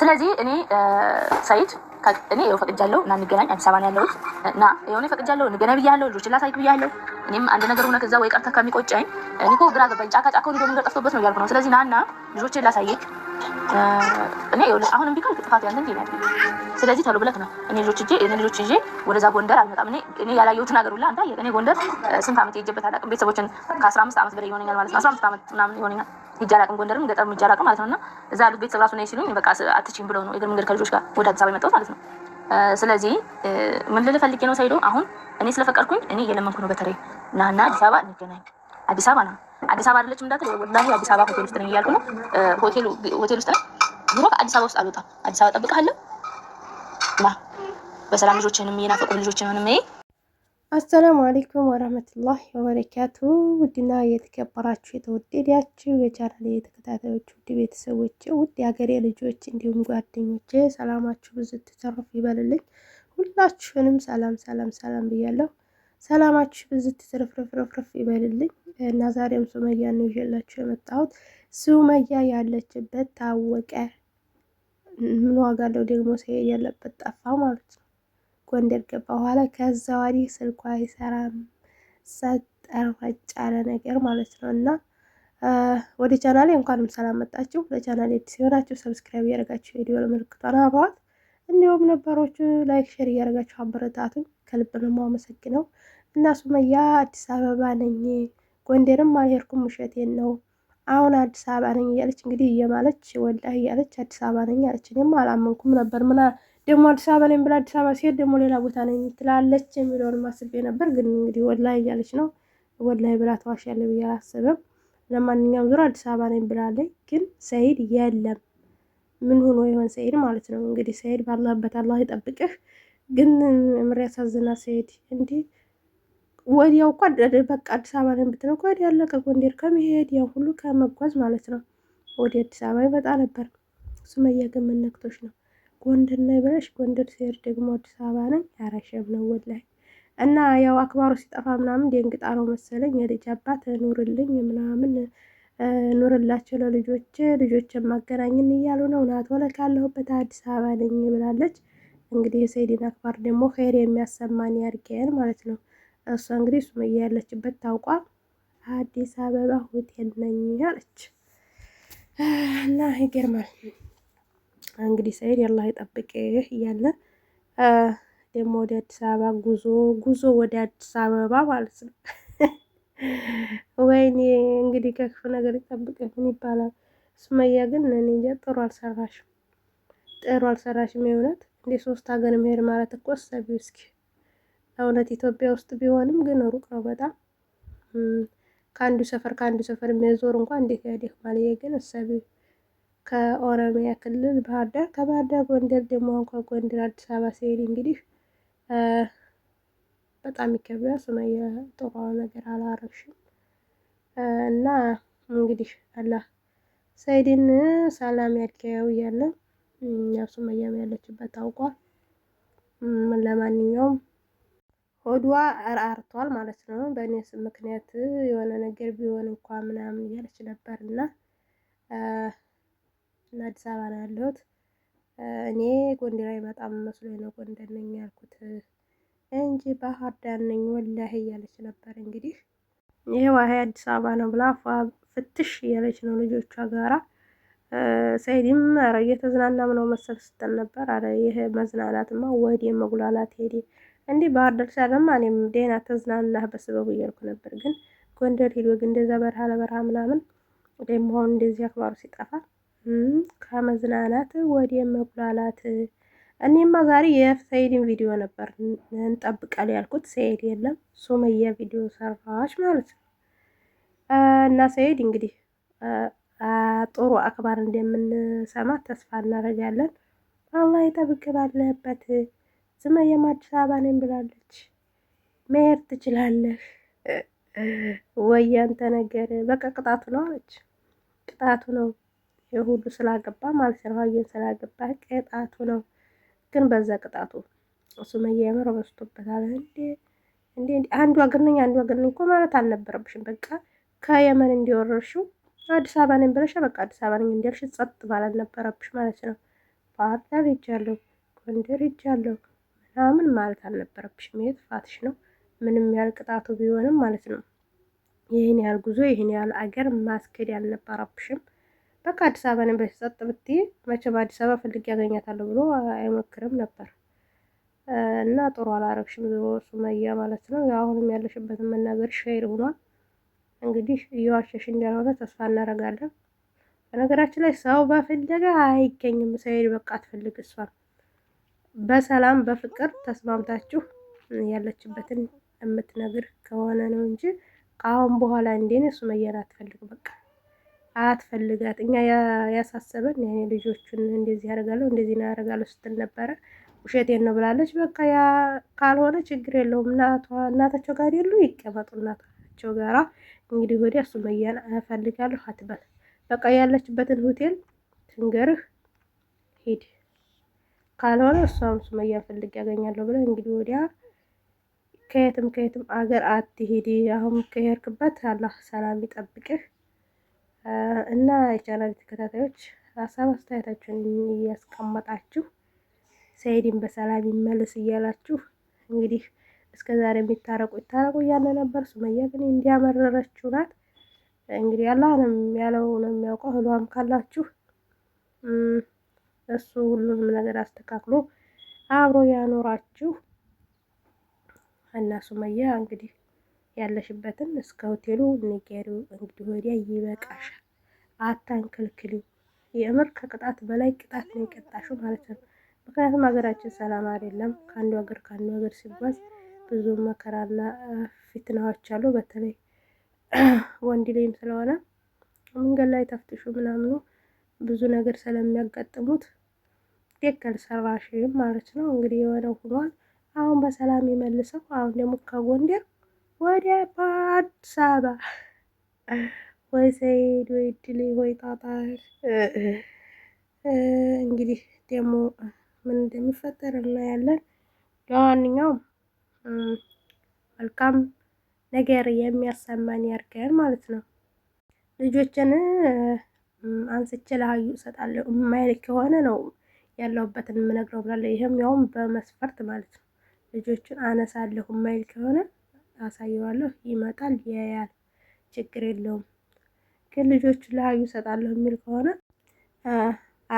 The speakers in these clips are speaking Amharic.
ስለዚህ እኔ ሰይድ እኔ ው ፈቅጃለሁ እና እንገናኝ። አዲስ አበባ ነው ያለሁት እና የሆነ ፈቅጃለሁ እንገናኝ ብያለሁ። ልጆችን ላሳይክ ብያለሁ። እኔም አንድ ነገር ሆነ ከዛ ወይ ቀርተህ ከሚቆጨኝ እኔ እኮ ግራ ገባኝ። ጫካ ጫካው ነገር ጠፍቶበት ነው ያልኩ ነው። ስለዚህ ናና ልጆችን ላሳይክ እኔ አሁንም ቢሆን ጥፋት ያንተ እንዴ ነው። ስለዚህ ተሎ ብለህ ነው እኔ ልጆች እጄ እኔ ልጆች ይዤ ወደዛ ጎንደር አልመጣም። እኔ እኔ ያላየሁትን ነገር ሁላ አንተ እኔ ጎንደር ስንት ዓመት ሄጄበት አላውቅም። ቤተሰቦችን ከ15 ዓመት በላይ ይሆነኛል ማለት ነው። 15 ዓመት ምናምን ይሆነኛል ሄጄ አላውቅም። ጎንደርም ገጠርም ሄጄ አላውቅም ማለት ነውና እዛ ያሉት ቤተሰብ ራሱ ነኝ ሲሉኝ በቃ አትችይም ብለው ነው የእግር መንገድ ከልጆች ጋር ወደ አዲስ አበባ የመጣሁት ማለት ነው። ስለዚህ ምን ልልህ ፈልጌ ነው ሳይዶ አሁን እኔ ስለፈቀድኩኝ እኔ እየለመንኩ ነው። በተለይ ናና አዲስ አበባ እንገናኝ አዲስ አበባ ነው አዲስ አበባ አይደለችም እንዳትል፣ ወላሂ አዲስ አበባ ሆቴል ውስጥ ነኝ እያልኩ ነው። ሆቴል ሆቴል ውስጥ ነኝ። ኑሮ ከአዲስ አበባ ውስጥ አልወጣም። አዲስ አበባ ጠብቀሃለሁ። ማ በሰላም ልጆችንም የናፈቁ ልጆችንም እኔ አሰላሙ አሌይኩም ወረህመቱላህ ወበረካቱ። ውድና የተከበራችሁ የተወደዳችሁ የቻናል የተከታታዮች ውድ ቤተሰቦች፣ ውድ የሀገሬ ልጆች እንዲሁም ጓደኞቼ ሰላማችሁ ብዙ ትተርፍ ይበልልኝ። ሁላችሁንም ሰላም ሰላም ሰላም ብያለሁ። ሰላማችሁ ብዙ ትርፍርፍርፍርፍ ይበልልኝ እና ዛሬም ሱመያ ነው ይዤላችሁ የመጣሁት። ሱመያ ያለችበት ታወቀ። ምን ዋጋ አለው ደግሞ ሰሄድ ያለበት ጠፋ ማለት ነው። ጎንደር ገባ በኋላ ከዛ ወዲህ ስልኳ አይሰራም። ጸጥ ረጭ ነገር ማለት ነው እና ወደ ቻናሌ እንኳንም ሰላም መጣችሁ። ለቻናሌ አዲስ የሆናችሁ ሰብስክራይብ እያደረጋችሁ የዲዮል ምልክቷን አብሯት፣ እንዲሁም ነበሮቹ ላይክ ሼር እያደረጋችሁ አበረታቱኝ። ከልብ ነው የማመሰግነው። እና ሱመያ አዲስ አበባ ነኝ፣ ጎንደርም አልሄድኩም፣ ውሸቴን ነው አሁን አዲስ አበባ ነኝ እያለች እንግዲህ እየማለች ወላሂ እያለች አዲስ አበባ ነኝ አለች። እኔም አላመንኩም ነበር። ምና ደግሞ አዲስ አበባ ነኝ ብላ አዲስ አበባ ሲሄድ ደግሞ ሌላ ቦታ ነኝ ትላለች የሚለውን አስቤ ነበር። ግን እንግዲህ ወላ እያለች ነው። ወላሂ ብላ ያለ ብዬ አላሰበም። ለማንኛውም ዙሮ አዲስ አበባ ነኝ ብላለች። ግን ሰይድ የለም ምን ሆኖ ይሆን ሰይድ ማለት ነው። እንግዲህ ሰይድ ባለበት አላህ ይጠብቅህ። ግን ምር ያሳዝና ሲሄድ እንዲ ወዲያው እኮ በቃ አዲስ አበባ ነው ብትለው ወዲያ ያለ ከጎንደር ከመሄድ ያው ሁሉ ከመጓዝ ማለት ነው ወደ አዲስ አበባ ይመጣ ነበር። ሱመያ ግን ምን ነክቶሽ ነው ጎንደር ነው ብለሽ ጎንደር ሲሄድ ደግሞ አዲስ አበባ ነኝ ያራሸም ነው ወላሂ እና ያው አክባሮ ሲጠፋ ምናምን ደንግጣ ነው መሰለኝ የልጅ አባት ኑርልኝ ምናምን ኑርላቸው ለልጆች ልጆች ማገናኝን እያሉ ነው ናት ወለ ካለሁበት አዲስ አበባ ነኝ ብላለች። እንግዲህ የሰይድን አክባር ደግሞ ኸይር የሚያሰማን ያድርገን ማለት ነው። እሷ እንግዲህ ሱመያ ያለችበት ታውቋል። አዲስ አበባ ሆቴል ነኝ አለች እና ይገርማል። እንግዲህ ሰይድ ያላህ ይጠብቅ እያለ ደግሞ ወደ አዲስ አበባ ጉዞ ጉዞ ወደ አዲስ አበባ ማለት ነው። ወይኔ እንግዲህ ከክፉ ነገር ይጠብቅህን ይባላል። ሱመያ ግን እኔ እንጃ ጥሩ አልሰራሽም፣ ጥሩ አልሰራሽም የእውነት የሶስት ሀገር መሄድ ማለት እኮ አሰቢው እስኪ እውነት ኢትዮጵያ ውስጥ ቢሆንም ግን ሩቅ ነው በጣም ከአንዱ ሰፈር ከአንዱ ሰፈር የሚያዞር እንኳን እንዴት ያደህ ማለት ግን አሰቢው ከኦሮሚያ ክልል ባህር ዳር ከባህር ዳር ጎንደር ደግሞ እንኳ ጎንደር አዲስ አበባ ሲሄድ እንግዲህ በጣም ይከብዳል። ሱመያ ጥሩ ነገር አላረግሽም እና እንግዲህ አላህ ሰይድን ሰላም ያድርገው እያለ ሱመያም ያለችበት ታውቋል። ለማንኛውም ሆዷ አርቷል ማለት ነው። በእኔ ምክንያት የሆነ ነገር ቢሆን እንኳ ምናምን እያለች ነበር እና አዲስ አበባ ነው ያለሁት እኔ ጎንደር አይመጣም መስሎኝ ነው ጎንደር ነኝ ያልኩት እንጂ ባህር ዳር ነኝ ወላሂ እያለች ነበር። እንግዲህ ይህ ዋህ አዲስ አበባ ነው ብላ ፍትሽ እያለች ነው ልጆቿ ጋራ ሰኢድም ኧረ እየተዝናናም ነው መሰል ስትል ነበር። አረ ይህ መዝናናትማ ወዴ መጉላላት ሄዴ እንዲህ ባህር ዳር ሻለማ እኔም ደህና ተዝናናህ በስበቡ እያልኩ ነበር። ግን ጎንደር ሄዶ ግን እንደዛ በረሃ ለበረሃ ምናምን ወይም መሆኑ እንደዚህ አክባሩ ሲጠፋ ከመዝናናት ወደ መጉላላት። እኔማ ዛሬ የሰኢድን ቪዲዮ ነበር እንጠብቃል ያልኩት፣ ሰኢድ የለም ሱመያ ቪዲዮ ሰራች ማለት ነው። እና ሰኢድ እንግዲህ ጥሩ አክባር እንደምንሰማ ተስፋ እናደርጋለን። አላህ ይጠብቅ። ባለህበት ሱመያም አዲስ አበባ ነኝ ብላለች። መሄድ ትችላለህ ወይ ያንተ ነገር? በቃ ቅጣቱ ነው አለች። ቅጣቱ ነው የሁሉ ስላገባ ማለት ነው። ሀየን ስላገባ ቅጣቱ ነው። ግን በዛ ቅጣቱ ሱመያ የምር በስቶበታል። እንዴ እንዴ! አንዷ አገር ነኝ አንዷ እኮ ማለት አልነበረብሽም። በቃ ከየመን እንዲወረርሽው አዲስ አበባ ነኝ ብለሽ በቃ አዲስ አበባ ነኝ እንዲያልሽ ጸጥ ማለት ነበረብሽ ማለት ነው። ባህር ዳር ሄጃለሁ፣ ጎንደር ሄጃለሁ ምናምን ማለት አልነበረብሽም። ይሄ ጥፋትሽ ነው። ምንም ያህል ቅጣቱ ቢሆንም ማለት ነው። ይህን ያህል ጉዞ ይህን ያህል አገር ማስኬድ ያልነበረብሽም። በቃ አዲስ አበባ ነኝ ብለሽ ጸጥ ብትይ መቼም አዲስ አበባ ፈልግ ያገኛታለሁ ብሎ አይሞክርም ነበር እና ጥሩ አላረግሽም ዞሮ ሱመያ ማለት ነው። አሁንም ያለሽበትን መናገር ሸይር ሆኗል። እንግዲህ እየዋሸሽ እንዳልሆነ ተስፋ እናደርጋለን። በነገራችን ላይ ሰው በፍለጋ አይገኝም። ሰው በቃ አትፈልግ እሷን በሰላም በፍቅር ተስማምታችሁ ያለችበትን የምትነግር ከሆነ ነው እንጂ ከአሁን በኋላ እንዴን እሱ ሱመያን አትፈልግ በቃ አትፈልጋት። እኛ ያሳሰበን ያኔ ልጆቹን እንደዚህ ያደርጋለሁ እንደዚህ ነው ያደርጋለሁ ስትል ነበረ። ውሸቴን ነው ብላለች። በቃ ያ ካልሆነ ችግር የለውም እናቷ እናታቸው ጋር የሉ ይቀመጡ እናታቸው ጋራ እንግዲህ ወዲያ ሱመያን እፈልጋለሁ አትበል። በቃ ያለችበትን ሆቴል ትንገርህ ሂድ። ካልሆነ እሷም ሱመያን ፈልግ ያገኛለሁ ብለህ እንግዲህ ወዲያ ከየትም ከየትም አገር አትሄድ። አሁን ከሄድክበት አላህ ሰላም ይጠብቅህ። እና የቻናል ተከታታዮች ሀሳብ አስተያየታችሁን እያስቀመጣችሁ ሰኢድን በሰላም ይመልስ እያላችሁ እንግዲህ እስከ ዛሬ የሚታረቁ ይታረቁ እያለ ነበር። ሱመያ ግን እንዲያመረረችው ናት። እንግዲህ አላህ ነው ያለው ነው የሚያውቀው። ህሏም ካላችሁ እሱ ሁሉንም ነገር አስተካክሎ አብሮ ያኖራችሁ እና ሱመያ እንግዲህ ያለሽበትን እስከ ሆቴሉ ንገሪው። እንግዲህ ወዲያ ይበቃሻል፣ አታንክልክሊው። የእምር ከቅጣት በላይ ቅጣት ነው የቀጣሽው ማለት ነው። ምክንያቱም ሀገራችን ሰላም አይደለም። ከአንዱ ሀገር ከአንዱ ሀገር ሲጓዝ ብዙ መከራና ፊትናዎች አሉ። በተለይ ወንድ ላይም ስለሆነ መንገድ ላይ ተፍትሹ ምናምኑ ብዙ ነገር ስለሚያጋጥሙት ደከል ሰራሽ ማለት ነው እንግዲህ የሆነው ሆኗል። አሁን በሰላም ይመልሰው። አሁን ደግሞ ከጎንደር ወደ አዲስ አበባ ወይ ሰይድ ወይ ድል ወይ ጣጣር እንግዲህ ደግሞ ምን እንደሚፈጠር እናያለን። ለማንኛውም መልካም ነገር የሚያሰማን ያርገን ማለት ነው። ልጆችን አንስቼ ለሀዩ እሰጣለሁ የማይል ከሆነ ነው ያለሁበትን የምነግረው ብላለሁ። ይህም ያውም በመስፈርት ማለት ነው። ልጆቹን አነሳለሁ የማይል ከሆነ አሳየዋለሁ። ይመጣል፣ ያያል፣ ችግር የለውም። ግን ልጆቹን ለሀዩ እሰጣለሁ የሚል ከሆነ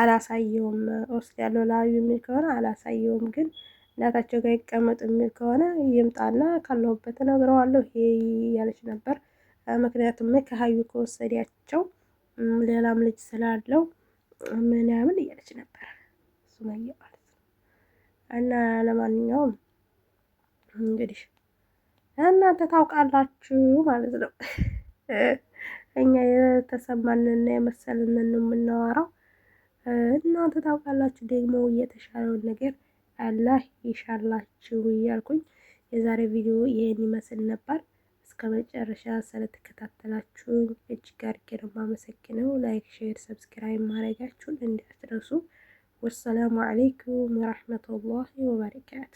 አላሳየውም። ወስዳለሁ ለሀዩ የሚል ከሆነ አላሳየውም ግን እናታቸው ጋር ይቀመጡ የሚል ከሆነ ይምጣና ካለሁበት እነግረዋለሁ ይሄ እያለች ነበር። ምክንያቱም ከሀዩ ከወሰዳቸው ሌላም ልጅ ስላለው ምናምን እያለች ነበር ሱመያ ማለት ነው። እና ለማንኛውም እንግዲህ እናንተ ታውቃላችሁ ማለት ነው። እኛ የተሰማንና የመሰልንን የምናወራው። እናንተ ታውቃላችሁ ደግሞ የተሻለውን ነገር አላህ ይሻላችሁ እያልኩኝ የዛሬ ቪዲዮ ይህን ይመስል ነበር። እስከ መጨረሻ ስለተከታተላችሁኝ እጅግ አድርጌ ነው የማመሰግነው። ላይክ፣ ሼር፣ ሰብስክራይብ ማድረጋችሁን እንዳትረሱ። ወሰላሙ አሌይኩም ወረሕመቱላሂ ወበረካቱ።